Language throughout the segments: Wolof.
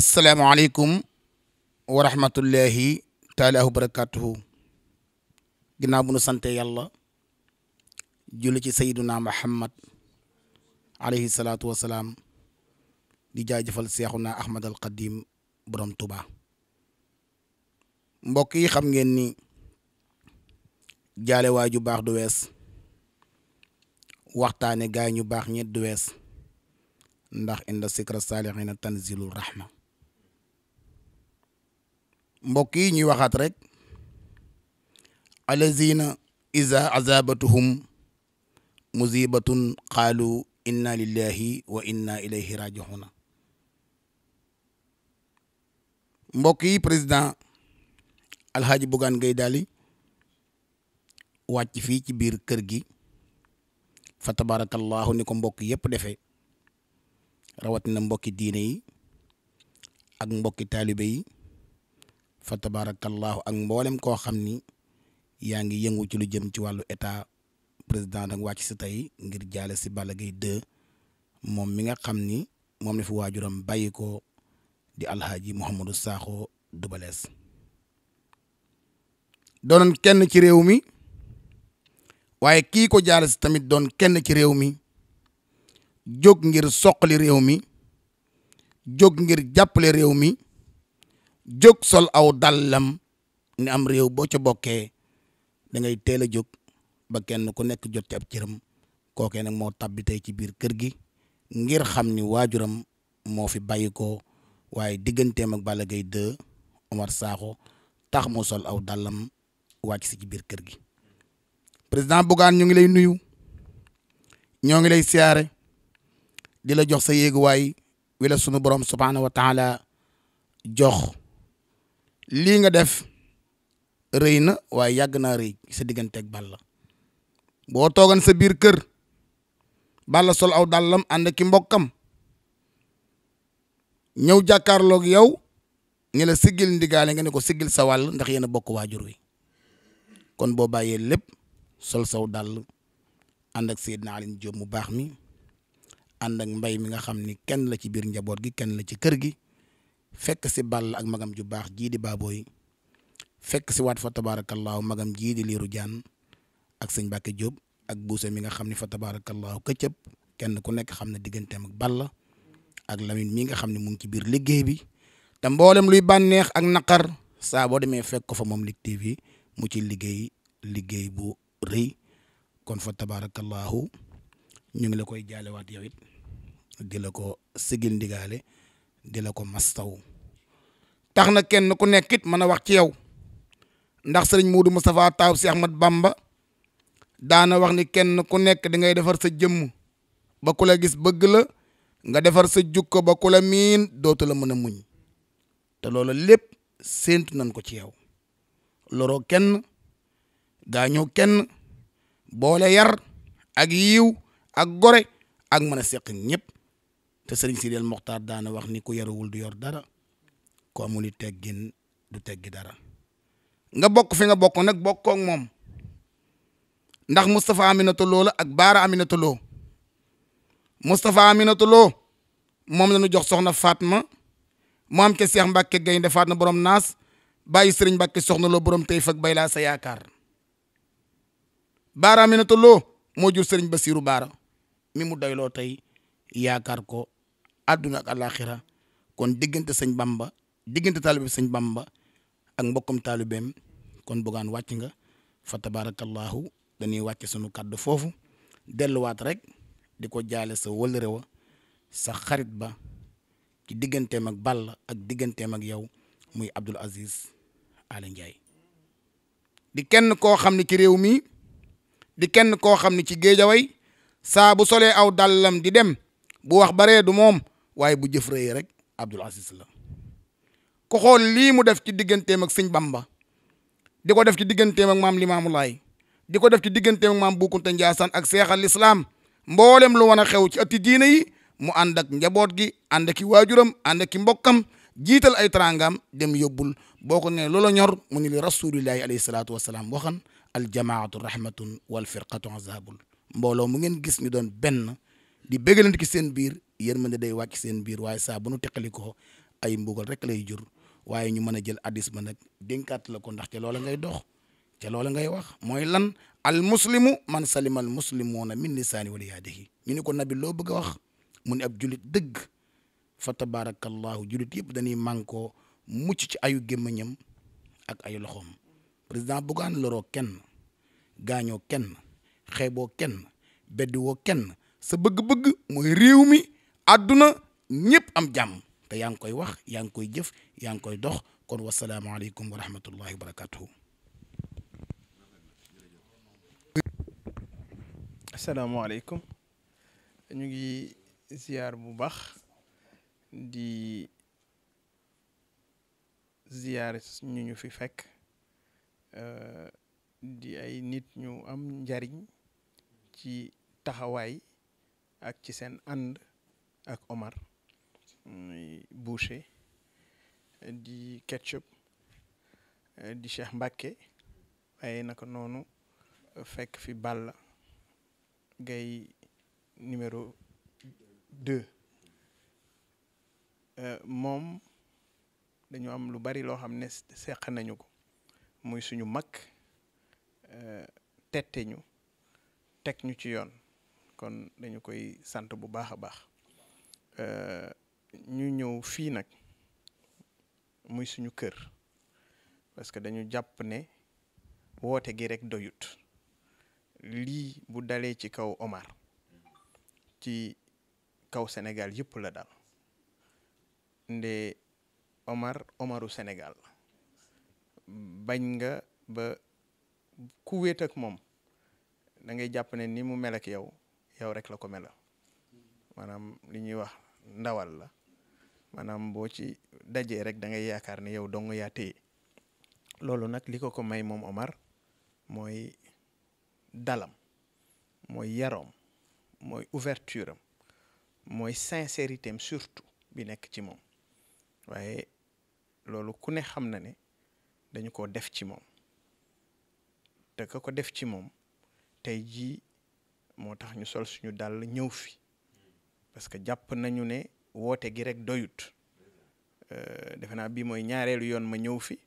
asalaamaaleykum wa rahmatullahi taala wa barakatuhu ginnaaw bu nu sante yàlla julli ci sayyiduna muhammad alayhi salaatu wa salaam di jaajëfal seexuna ahmad al qadim borom tuba mbokk yi xam ngeen ni jaale waay ju baax du wees waxtaane gaay ñu baax ñet du wees ndax inda sikra saalihiina tanzilul rahma mbokk yi ñuy waxaat rek allazina iza azabatuhum musibatun qaalu inna lillahi wa inna ilayhi raji'un mbokk yi président alhaaji Bougane Gueye Dany wàcc fii ci biir kër gi fa tabarakallahu ni ko mbokk yëpp defe rawatina mbokki diine yi ak mbokki taalibe yi fa tabaarakallaahu ak mboolem koo xam ni yaa ngi yëngu ci lu jëm ci wàllu état président nag wàcc si tey ngir jaale si Balla Gaye moom mi nga xam ni moom la fi waajuram bàyyi ko di alxaaji Mouhamadou Sakho Double Less doonoon kenn ci réew mi waaye kii ko jaale si tamit doon kenn ci réew mi jog ngir soqali réew mi jóg ngir jàppale réew mi jóg sol aw dàllam ni am réew boo ca bokkee da ngay teel a jóg ba kenn ku nekk jot ci ab cëram kookee nag moo tabbi ci biir kër gi ngir xam ni waajuram moo fi bàyyi ko waaye digganteem ak Balla Gaye 2 Omar Sakho tax mu sol aw dallam wàcc si ci biir kër gi président Bougane ñu ngi lay nuyu ñoo ngi lay siyaare di la jox sa yéeguwaay wi la sunu borom subhaanahu wa taala jox lii nga def rëy na waaye yàgg naa rëy sa digganteeg Balla boo toogan sa biir kër Balla sol aw dàllam ànd ki mbokkam ñëw jàkkaarloog yow ñu la siggil ndigaale nga ne ko siggil sa wàll ndax yéen a bokk waajur wi kon boo bàyyee lépp sol saw dàll ànd ak Seydina Alioune Diop mu baax mi ànd ak mbay mi nga xam ni kenn la ci biir njaboot gi kenn la ci kër gi fekk si Balla ak magam ju baax jii di Baboy fekk si waat fa tabaarakallaahu magam jii di Liiru Jaan ak sëñ Mbàkke Jóob ak buuse mi nga xam ni fa tabaarakallaahu këccëb kenn ku nekk xam na digganteem ak Balla ak Lamine mi nga xam ne mu ngi ci biir liggéey bi te mboolem luy bànneex ak naqar saa boo demee fekk ko fa moom Lutte TV mu ci liggéey liggéey bu rëy kon fa tabaarakallaahu ñu ngi la koy jaale yow it di ko sigil ndigaale di ko mastaw tax na kenn ku nekk it mën a wax ci yow ndax sëriñ Muudu Moustapha taaw si Ahmad Bamba daana wax ni kenn ku nekk da ngay defar sa jëmm ba ku la gis bëgg la nga defar sa ko ba ku la miin dootu la mën a muñ te loolu lépp séentu nañ ko ci yow loroo kenn gaañoo kenn boole yar ak yiw ak gore ak mën a seq ñëpp te sëriñ Sidel Moxtaar daana wax ni ku yarawul du yor dara ku amuli teggin du teggi dara nga bokk fi nga bokk nag bokkook moom ndax Moustapha Aminata Lo la ak Baara Aminata Lo Moustapha Aminata Lo moom la ñu jox soxna Fatma ma am ca Seex Mbàkke Gaynde Fatma borom naas bàyyi Sëriñ Mbàkke soxna Lo borom tey fag bay laa sa yaakaar Baara Aminata Lo moo jur Sëriñ Basiiru Baara mi mu doyloo tey yaakaar ko àdduna ak kon diggante sëñ Bamba diggante taalibe bi sëñ Bamba ak mbokkum taalibeem kon bugaan wàcc nga fa tabarakallahu dañuy wàcc sunu kàddu foofu delluwaat rek di ko jaale sa wëllëre wa sa xarit ba ci digganteem ak Balla ak digganteem ak yow muy Abdoul Aziz Aly Ndiaye di kenn koo xam ne ci réew mi di kenn koo xam ne ci géejaway saa bu solee aw dàllam di dem bu wax baree du moom waaye bu jëf rek Abdoul Aziz la ku xool lii mu def ci digganteem ak sëñ Bamba di ko def ci digganteem ak maam Limaamu Laay di ko def ci digganteem ak maam Bukunta Njaasaan ak seex al islaam mboolem lu wan a xew ci ëtti diina yi mu ànd ak njaboot gi ànd ki i waajuram ànd ak i mbokkam jiital ay trangaam dem yobbul boo ko nee loola ñor mu ni li rasulillahi alayhi salaatu wasalaam waxan aljamaatu rahmatun wal firqatu azabul mbooloo mu ngeen gis ñu doon benn di bégalante ki seen biir yërmande day wàcc seen biir waaye saa bu nu teqali ay mbugal rek lay jur waaye ñu mën a jël addis ba nag dénkaat la ko ndaxte loola ngay dox te loola ngay wax mooy lan al muslimu man salima al muslimuuna min lisaani wala yaadihi ñu ni ko nabi loo bëgg wax mu ne ab julit dëgg fa tabarakallahu julit yëpp dañuy mànkoo mucc ci ayu gémmiñam ak ay loxoom président Bougane loroo kenn gaañoo kenn xeeboo kenn beddiwoo kenn sa bëgg-bëgg mooy réew mi àdduna ñëpp am jàmm te yaa ngi koy wax yaa ngi koy jëf yaa ngi koy dox kon wasalaamaaleykum wa rahmatullahi wa barakatuhu ñu ngi ziar bu baax di ziar ñu ñu fi fekk euh, di ay nit ñu am njariñ ci taxawaay ak ci seen ànd ak Omar muy Boucher di Ketchup di Cheikh Mbacke waaye naka noonu fekk fi la Gaye numéro deux euh, moom dañu am lu bari loo xam ne seq nañu ko muy suñu mag euh, tette ñu teg ñu ci yoon kon dañu koy sant bu baax a baax euh, ñu ñëw fii nag muy suñu kër parce que dañu jàpp ne woote gi rekk doyut lii bu dalee ci kaw Omar ci kaw senegal yëpp la dal nde Omar Omaru senegal bañ nga ba ku moom dangay jàpp ne ni mu mel ak yow yow rek la ko mela maanaam li ñuy wax ndawal la maanaam boo ci dajee rek da ngay yaakaar ne yow dong yaa téye loolu nag li ko ko may moom Omar mooy dalam mooy yaroom mooy ouverture am mooy sincérité am surtout bi nekk ci moom waaye loolu ku ne xam na ne dañu ko def ci moom te ka ko def ci moom tey jii moo tax ñu sol suñu dàll ñëw fi parce que jàpp nañu ne woote gi rek doyut euh, defe naa bii mooy ñaareelu yoon ma ñëw fi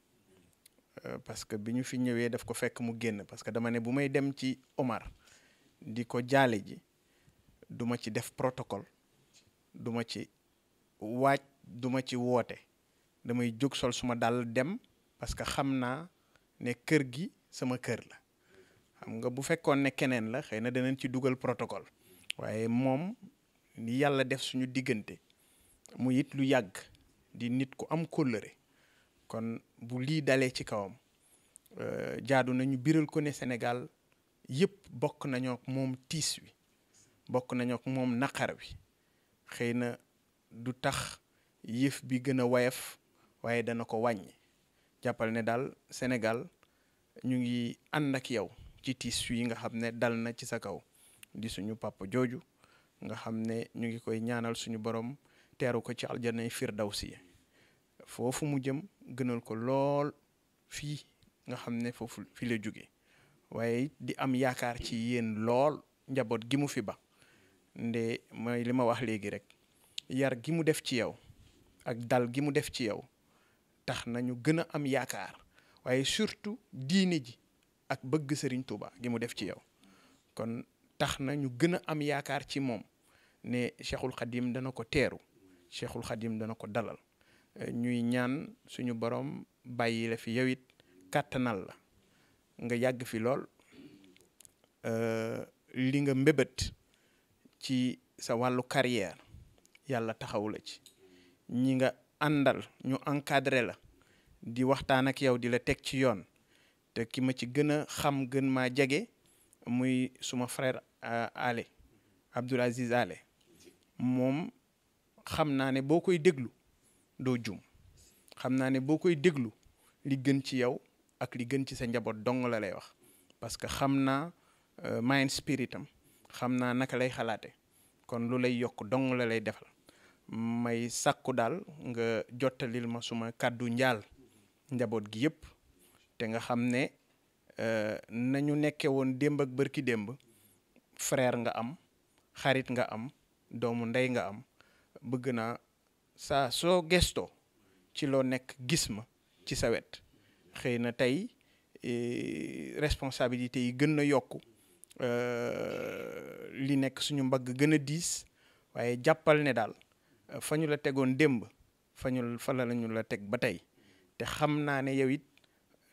euh, parce que bi ñu fi ñëwee daf ko fekk mu génn parce que dama ne bu may dem ci Omar di ko jaale ji duma ci def protocole duma ci waaj duma ci woote damay jóg sol suma dal dem parce que xam naa ne kër gi sama kër la xam nga bu fekkoon ne keneen la xëy na danañ ci dugal protocole waaye moom ni yàlla def suñu diggante mu it lu yàgg di nit ku am kóllëre kon bu lii dalee ci kawam euh, jaadu nañu biral ko ne senegal yëpp bokk nañoo ak moom tiis wi bokk nañoo ak moom naqar wi xëy na du tax yëf bi gën a woyof waaye dana ko wàññi jàppal ne daal Sénégal ñu ngi ànd ak yow ci tiis yi nga xam ne dal na ci sa kaw di suñu papa jooju nga xam ne ñu ngi koy ñaanal suñu boroom teeru ko ci aljanay si foofu mu jëm gënal ko lool fii nga xam ne foofu fi la jóge waaye di am yaakaar ci yéen lool njaboot gi mu fi ba nde mooy lima wax léegi rek yar gi mu def ci yow ak dal gi mu def ci yow tax nañu gën a am yaakaar waaye surtout diine ji ak bëgg Serigne Touba gi mu def ci yow kon tax na ñu gën a am yaakaar ci moom ne Cheikhul Khadim dana ko teeru cheikhul xadim dana ko dalal eh, ñuy ñaan suñu boroom bàyyi la fi yow it kàttanal la nga yàgg fi lool eh, li nga mbébét ci sa wàllu carrière yàlla taxawu la ci ñi nga àndal ñu encadré la di waxtaan ak yow di la teg ci yoon te ki ma ci gën a xam gën ma jege muy suma frère euh, Ale Abdoul Aziz Ale moom xam naa ne boo koy déglu doo juum xam naa ne boo koy déglu li gën ci yow ak li gën ci sa njaboot dong la lay wax parce que xam naa euh, mind spirit am xam naa naka lay xalaate kon lu lay yokk dong la lay defal may sakku daal nga jottalil ma suma kàddu njaal njaboot gi yëpp te nga xam ne euh, nañu nekkee woon démb ak bërki démb frère nga am xarit nga am doomu ndey nga am bëgg naa saa soo gestoo ci loo nekk gis ma ci sa wet xëy na tey e, responsabilité yi gën na yokku euh, li nekk suñu mbagg gën a diis waaye jàppal ne daal euh, fa ñu la tegoon démb fa ñu fa la ñu la teg ba tey te xam naa ne yow it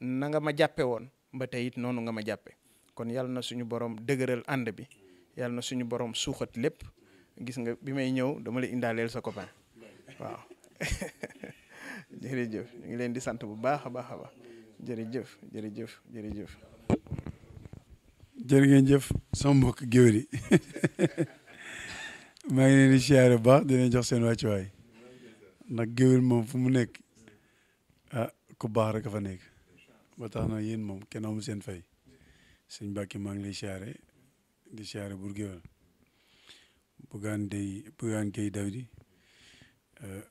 na nga ma jàppe woon ba tey it noonu nga ma jàppe kon yàlla na suñu borom dëgëral ànd bi yàlla na suñu borom suuxat lépp gis nga bi may ñëw dama lay indaaleel sa copain waaw jërëjëf ngi leen di sant bu baax a baax a baax jëf jërëjëf jërëjëf. jërë jëf sama mbokk géwél yi maa ngi di siyaare bu baax dinañ jox seen wàccuwaay ndax géwél moom fu mu nekk ah ku baax rek a fa nekk ba tax na yéen moom kenn amul seen fay sëñ Bakki maa ngi lay siyaare di siyaare bur géwél Bougane Dey Bougane Gueye Dany euh,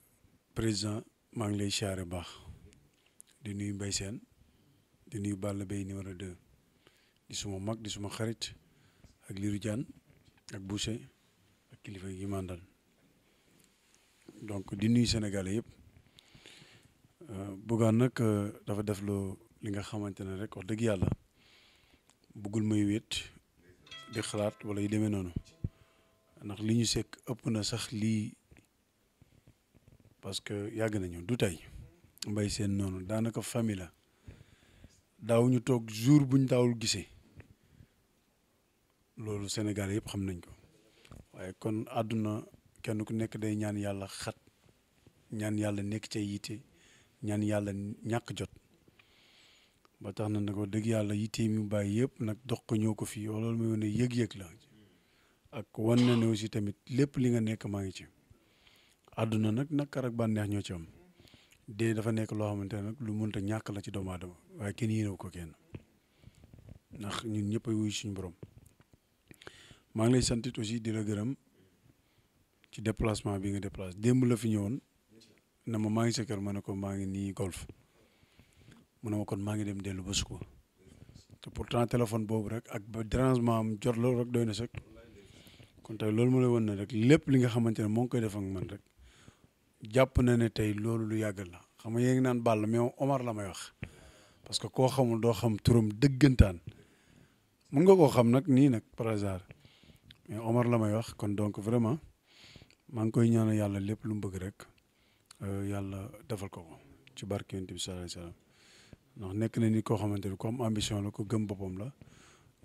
président maa ngi lay siyaare baax di nuyu Mbaye Sène di nuyu Balla Beye numéro 2 suma mag suma xarit ak Lirou Diane ak Boucher kilifa yi mandal donc di nuyu Sénégalais yëpp euh, Bougane nag euh, dafa def loo li nga xamante ne rek wax dëgg yàlla bëggul may wéet di xalaat wala yu demee noonu. ndax li ñu sekk ëpp na sax lii parce que yàgg nañu du tey mbay seen noonu daanaka famille la daaw ñu toog jour buñ daawul gisee loolu Sénégal yëpp xam nañ ko waaye kon àdduna kenn ku nekk day ñaan yàlla xat ñaan yàlla nekk ca yitte ñaan yàlla ñàkk jot ba tax na nag dëgg yàlla yitte mi mu bàyyi yëpp nag dox ko ñoo ko fii loolu mooy ne yëg-yëg la ak wan ne aussi tamit lépp li nga nekk maa ngi ci àdduna nag nakar ak bànneex ñoo ci am dee dafa nekk loo xamante ne nag lu mënta ñàkk la ci doomu aadama waaye kenn yéenewu ko kenn ndax ñun ñëpp a wuyu suñu borom maa ngi lay santit aussi di la gërëm ci déplacement bi nga déplacé démb la fi ñëwoon na ma maa ngi sa kër ma ne ko maa ngi nii golf mu ne ma kon maa ngi dem dellu ba suba te pour pourtant téléphone boobu rek ak ba dérangement am jot loolu rek doy kon tey loolu mu lay won ne rek lépp li nga xamante ne moo ngi koy def ak man rek jàpp na ne tey loolu lu yàggal la xam nga yéen ngi naan Balla mais Omar la may wax parce que koo xamul doo xam turam dëggantaan mun nga koo xam nag nii nag par hasard mais Omar la may wax kon donc vraiment maa ngi koy ñaanal yàlla lépp lu mu bëgg rek euh, yàlla defal ko ko ci barke Yonent bi sallallahu ndax nekk na ni koo xamante ne ku am ambition la ko gëm boppam la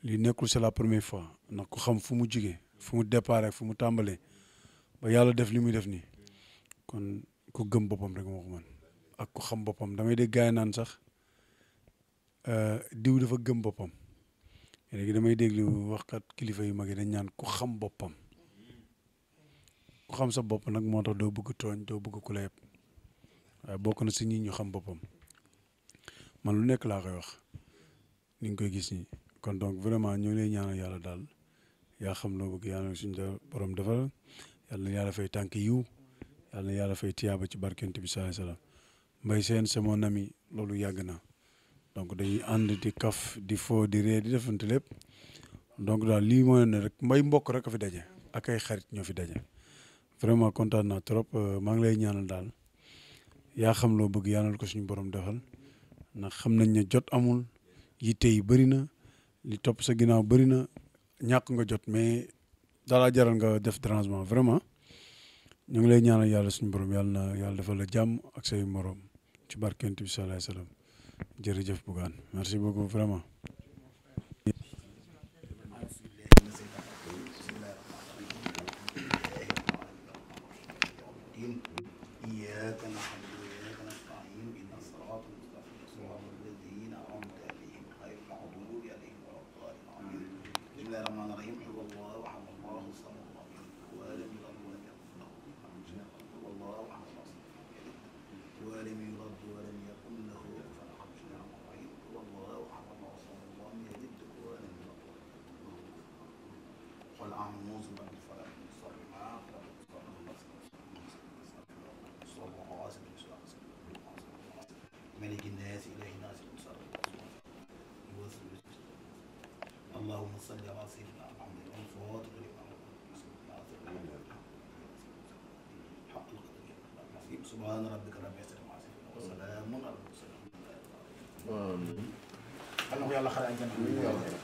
li nekkul c'est la première fois ndax xam fu mu jugee fu mu départ ak fu mu tàmbalee ba yàlla def li muy def nii kon ku gëm boppam rek moo ko mën ak ku xam boppam damay dégg gaay naan sax euh, diw dafa gëm boppam léegi damay déglu waxkat kilifa yu mag yi dañ ñaan ku xam boppam ku xam sa bopp nag moo tax doo bëgg tooñ doo bëgg kula la waaye bokk na si ñi ñu xam boppam man lu nekk laa koy wax ni nga koy gis nii kon donc vraiment ñoo ngi lay yàlla daal yaa xam loo bëgg yàlla na suñu borom defal yàlla na tànk yiw yàlla na yàlla ci barkent bi salaay salaam seen c'est mon loolu yàgg na donc dañuy ànd di kaf di foo di ree di defante lépp donc daal lii mooy rek mbay mbokk rek a daje ak ay xarit ñoo fi daje vraiment kontaan naa trop euh, maa ngi lay ñaanal daal yaa xam loo bëgg yàlla ko suñu borom defal ndax xam nañ ne jot amul yitte yi li topp sa ginnaaw bëri na ñàkk nga jot mais daalaa jaral nga def dérangement vraiment ñu ngi lay ñaanal yàlla suñu borom yàlla na yàlla dafa la jàmm ak say morom ci barkent bi sallallahu alayhi wasallam jërëjëf Bougane merci vraiment. التي إليه نازل مصابي يوث اللهم صل على سيدنا محمد الفاضل لما حق القدر سبحان ربك رب العزة عما يصفون وسلام على المرسلين آمين. Yàlla na ko yàlla xare àjjana.